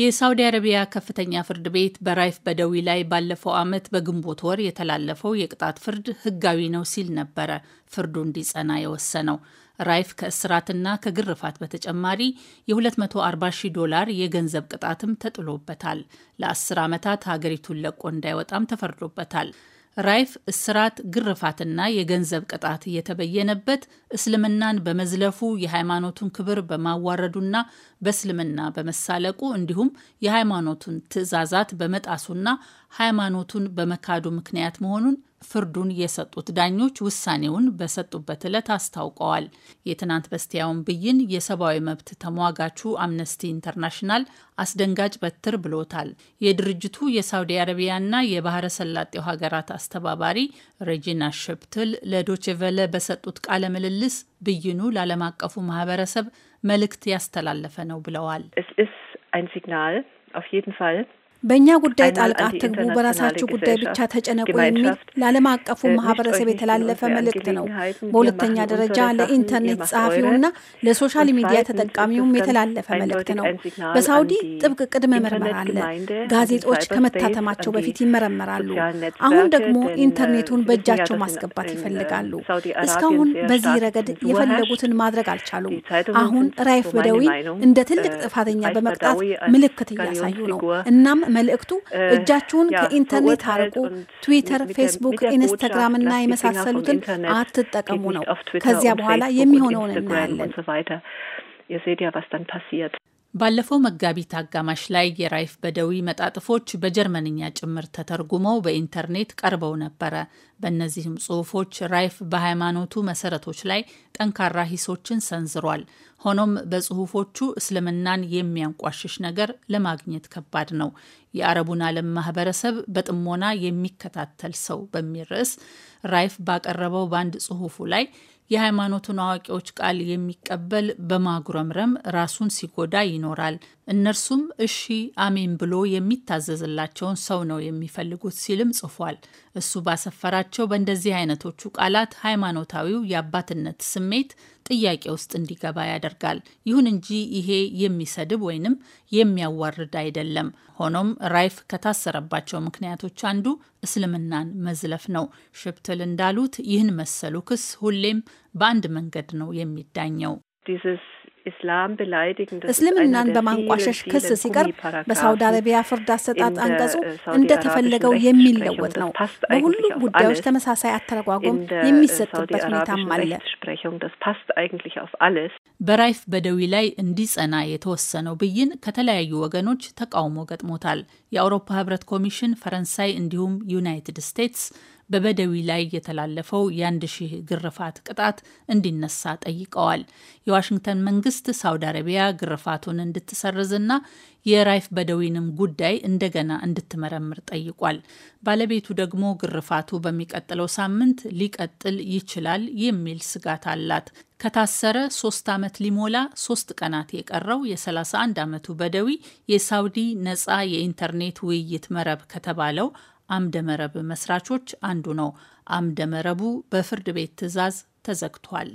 የሳውዲ አረቢያ ከፍተኛ ፍርድ ቤት በራይፍ በደዊ ላይ ባለፈው ዓመት በግንቦት ወር የተላለፈው የቅጣት ፍርድ ሕጋዊ ነው ሲል ነበረ ፍርዱ እንዲጸና የወሰነው። ራይፍ ከእስራትና ከግርፋት በተጨማሪ የ240 ሺህ ዶላር የገንዘብ ቅጣትም ተጥሎበታል። ለአስር ዓመታት ሀገሪቱን ለቆ እንዳይወጣም ተፈርዶበታል። ራይፍ እስራት፣ ግርፋትና የገንዘብ ቅጣት የተበየነበት እስልምናን በመዝለፉ የሃይማኖቱን ክብር በማዋረዱና በእስልምና በመሳለቁ እንዲሁም የሃይማኖቱን ትዕዛዛት በመጣሱና ሃይማኖቱን በመካዱ ምክንያት መሆኑን ፍርዱን የሰጡት ዳኞች ውሳኔውን በሰጡበት ዕለት አስታውቀዋል። የትናንት በስቲያውን ብይን የሰብአዊ መብት ተሟጋቹ አምነስቲ ኢንተርናሽናል አስደንጋጭ በትር ብሎታል። የድርጅቱ የሳውዲ አረቢያና የባህረ ሰላጤው ሀገራት አስተባባሪ ሬጂና ሸፕትል ለዶችቨለ በሰጡት ቃለ ምልልስ ብይኑ ለዓለም አቀፉ ማህበረሰብ መልእክት ያስተላለፈ ነው ብለዋል። በእኛ ጉዳይ ጣልቃ አትግቡ፣ በራሳችሁ ጉዳይ ብቻ ተጨነቁ የሚል ለዓለም አቀፉ ማህበረሰብ የተላለፈ መልእክት ነው። በሁለተኛ ደረጃ ለኢንተርኔት ጸሐፊውና ለሶሻል ሚዲያ ተጠቃሚውም የተላለፈ መልእክት ነው። በሳውዲ ጥብቅ ቅድመ ምርመራ አለ። ጋዜጦች ከመታተማቸው በፊት ይመረመራሉ። አሁን ደግሞ ኢንተርኔቱን በእጃቸው ማስገባት ይፈልጋሉ። እስካሁን በዚህ ረገድ የፈለጉትን ማድረግ አልቻሉም። አሁን ራይፍ በደዊ እንደ ትልቅ ጥፋተኛ በመቅጣት ምልክት እያሳዩ ነው እናም መልእክቱ እጃችሁን ከኢንተርኔት አርቁ፣ ትዊተር፣ ፌስቡክ፣ ኢንስታግራም እና የመሳሰሉትን አትጠቀሙ ነው። ከዚያ በኋላ የሚሆነውን እናያለን። ባለፈው መጋቢት አጋማሽ ላይ የራይፍ በደዊ መጣጥፎች በጀርመንኛ ጭምር ተተርጉመው በኢንተርኔት ቀርበው ነበረ። በእነዚህም ጽሁፎች ራይፍ በሃይማኖቱ መሰረቶች ላይ ጠንካራ ሂሶችን ሰንዝሯል። ሆኖም በጽሁፎቹ እስልምናን የሚያንቋሽሽ ነገር ለማግኘት ከባድ ነው። የአረቡን ዓለም ማህበረሰብ በጥሞና የሚከታተል ሰው በሚል ርዕስ ራይፍ ባቀረበው በአንድ ጽሁፉ ላይ የሃይማኖቱን አዋቂዎች ቃል የሚቀበል በማጉረምረም ራሱን ሲጎዳ ይኖራል። እነርሱም እሺ አሜን ብሎ የሚታዘዝላቸውን ሰው ነው የሚፈልጉት ሲልም ጽፏል። እሱ ባሰፈራቸው በእንደዚህ አይነቶቹ ቃላት ሃይማኖታዊው የአባትነት ስሜት ጥያቄ ውስጥ እንዲገባ ያደርጋል። ይሁን እንጂ ይሄ የሚሰድብ ወይንም የሚያዋርድ አይደለም። ሆኖም ራይፍ ከታሰረባቸው ምክንያቶች አንዱ እስልምናን መዝለፍ ነው። ሽፕትል እንዳሉት ይህን መሰሉ ክስ ሁሌም በአንድ መንገድ ነው የሚዳኘው። እስልምናን በማንቋሸሽ ክስ ሲቀርብ በሳውዲ አረቢያ ፍርድ አሰጣጥ äh, አንቀጹ እንደተፈለገው የሚለወጥ ነው። በሁሉም ጉዳዮች ተመሳሳይ አተረጓጎም የሚሰጥበት ሁኔታም አለ። በራይፍ በደዊ ላይ እንዲጸና የተወሰነው ብይን ከተለያዩ ወገኖች ተቃውሞ ገጥሞታል። የአውሮፓ ሕብረት ኮሚሽን፣ ፈረንሳይ እንዲሁም ዩናይትድ ስቴትስ በበደዊ ላይ የተላለፈው የአንድ ሺህ ግርፋት ቅጣት እንዲነሳ ጠይቀዋል። የዋሽንግተን መንግስት ሳውዲ አረቢያ ግርፋቱን እንድትሰርዝና የራይፍ በደዊንም ጉዳይ እንደገና እንድትመረምር ጠይቋል። ባለቤቱ ደግሞ ግርፋቱ በሚቀጥለው ሳምንት ሊቀጥል ይችላል የሚል ስጋት አላት። ከታሰረ ሶስት ዓመት ሊሞላ ሶስት ቀናት የቀረው የ31 ዓመቱ በደዊ የሳውዲ ነጻ የኢንተርኔት ውይይት መረብ ከተባለው አምደመረብ መስራቾች አንዱ ነው። አምደመረቡ በፍርድ ቤት ትዕዛዝ ተዘግቷል።